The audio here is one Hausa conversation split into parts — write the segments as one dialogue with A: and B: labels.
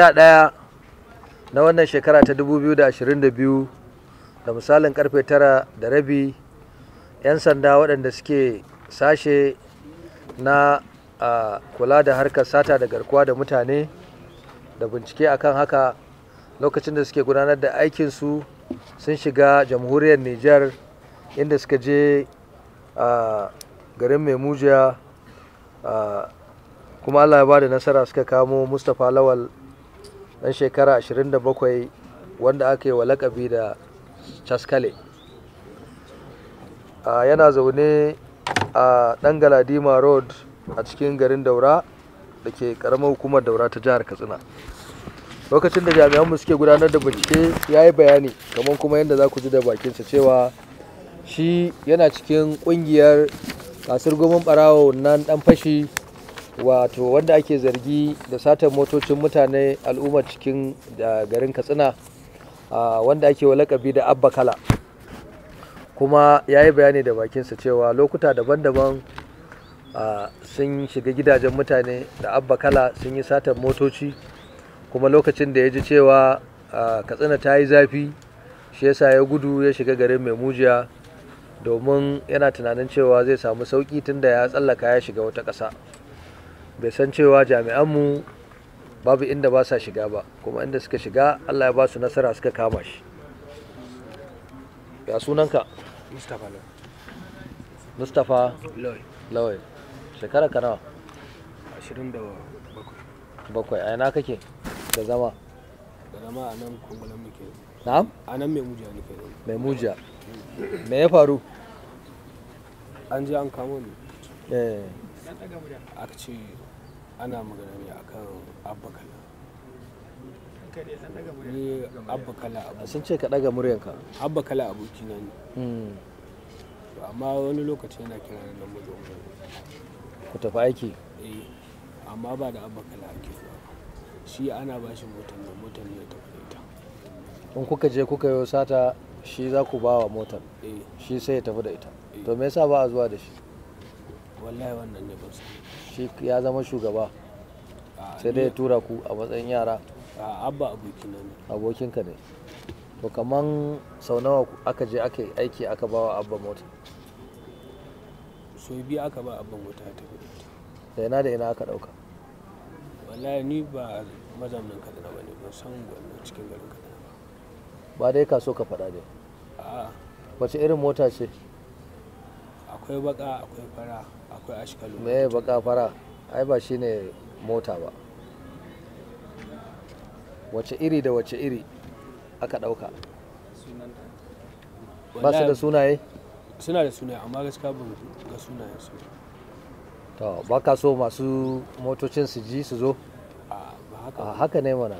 A: ɗaya na wannan shekara ta 2022 da misalin karfe tara da rabi 'yan sanda waɗanda suke sashe na kula da harkar sata da garkuwa da mutane da bincike akan haka lokacin da suke gudanar da aikinsu sun shiga jamhuriyar niger inda suka je a garin maimujiya kuma allah ya ba da nasara suka kamo mustapha lawal dan shekara 27 wanda aka yi wa lakabi da caskale yana zaune a dan galadima road a cikin garin daura da ke karamar hukumar daura ta jihar katsina lokacin da jami'anmu suke gudanar da bincike ya yi bayani kamar kuma yadda za ku ji da bakinsa cewa shi yana cikin kungiyar kasar gomin barawo nan dan fashi wato wanda ake zargi da satar motocin mutane al'umma cikin garin katsina wanda ake lakabi da abba kala kuma ya yi bayani da bakinsa cewa lokuta daban-daban sun shiga gidajen mutane da abba kala sun yi satar motoci kuma lokacin da ya ji cewa katsina ta yi zafi shi yasa ya gudu ya shiga garin mai mujiya domin yana tunanin cewa zai samu sauki tunda ya tsallaka ya shiga wata ƙasa bai san cewa jami'anmu babu inda ba sa shiga ba kuma inda suka shiga allah ya ba su nasara suka kama shi ya sunanka mustapha loy mustapha loy loy shekara ka nawa 27 bakwai a yana kake da zama
B: da zama a nan kungulan muke
A: na'am a nan mai mujiya nake mai mujiya me ya faru an je an kamo ne eh
B: aka ce ana magana ne akan abba kala ni abba kala abu sun
A: ce ka daga muryanka abba kala
B: aboki na ne hmm. amma wani lokaci yana kira na nan mazo ku tafi aiki eh amma ba da abba kala ake zuwa shi ana ba shi motar da motar ne ta ita
A: in kuka je kuka yi sata shi za ku ba wa motar eh. shi sai ya tafi da ita eh. to me yasa ba a zuwa da shi wallahi wannan ne ba su shi ya zama shugaba sai dai tura ku a matsayin yara
B: abba abokina
A: ne ka ne to kaman sau nawa aka je aka yi aiki aka bawa abba mota
B: sau biyu aka ba abba mota ta
A: da ina da ina aka dauka
B: wallahi ni ba mazaunin kaduna ba ne ban san gwamnati cikin garin kaduna
A: ba ba dai ka so ka faɗa dai wace irin mota ce
B: akwai baka akwai fara akwai ashkalo
A: me baka fara ai ba shine mota ba wace iri da wace iri aka dauka ba su da sunaye
B: suna da sunaye amma gaskiya ba ga sunayen su
A: to ba ka so masu motocin su ji su zo a haka ne mana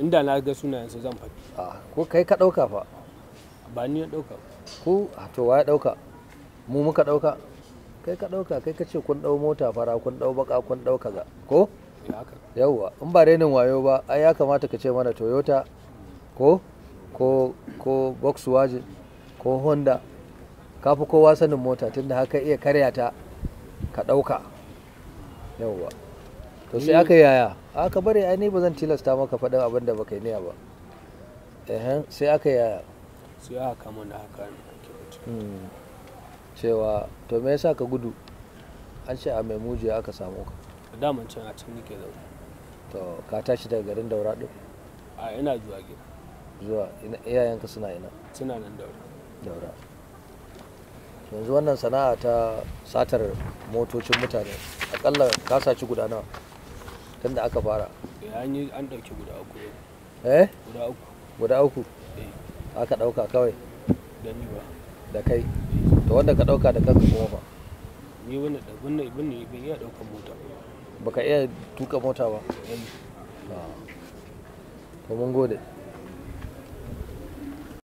B: inda na ga sunayen su zan faɗi
A: ko kai ka dauka fa ba ni ya dauka ko a to wa ya dauka mu muka ɗauka kai ka ɗauka kai ka ce kun ɗau mota fara kun ɗau baka kun ɗau kaza ko yawwa in ba renin wayo ba ai ya kamata ka ce mana toyota ko ko ko volkswagen ko honda ka fi kowa sanin mota tunda haka iya karya ta ka ɗauka yawwa
B: to sai aka yaya
A: aka bari ai ni ba zan tilasta maka faɗin abin da baka yi niyya ba sai aka yaya sai aka
B: kama da haka ne
A: hmm. cewa to me yasa ka gudu an ce a mai mujiya aka samu ka
B: daman can a can nake zaune
A: to ka tashi daga garin daura din
B: a ina zuwa gida
A: zuwa iyayenka suna ina suna nan daura daura yanzu wannan sana'a ta satar motocin mutane akalla ka saci guda nawa tun da aka fara
B: eh, an yi an dauki guda uku eh
A: guda uku guda uku eh. aka dauka kawai da ni ba da kai eh. to wanda ka dauka da kanka kuma ba ni wanda da gunna ibn ne bai iya dauka mota baka iya tuka mota ba eh. to mun gode